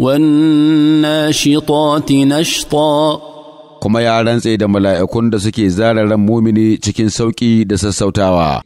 والناشطات نشطا kuma ya rantse da mala'ikun da suke zara ran mumini cikin sauƙi da sassautawa.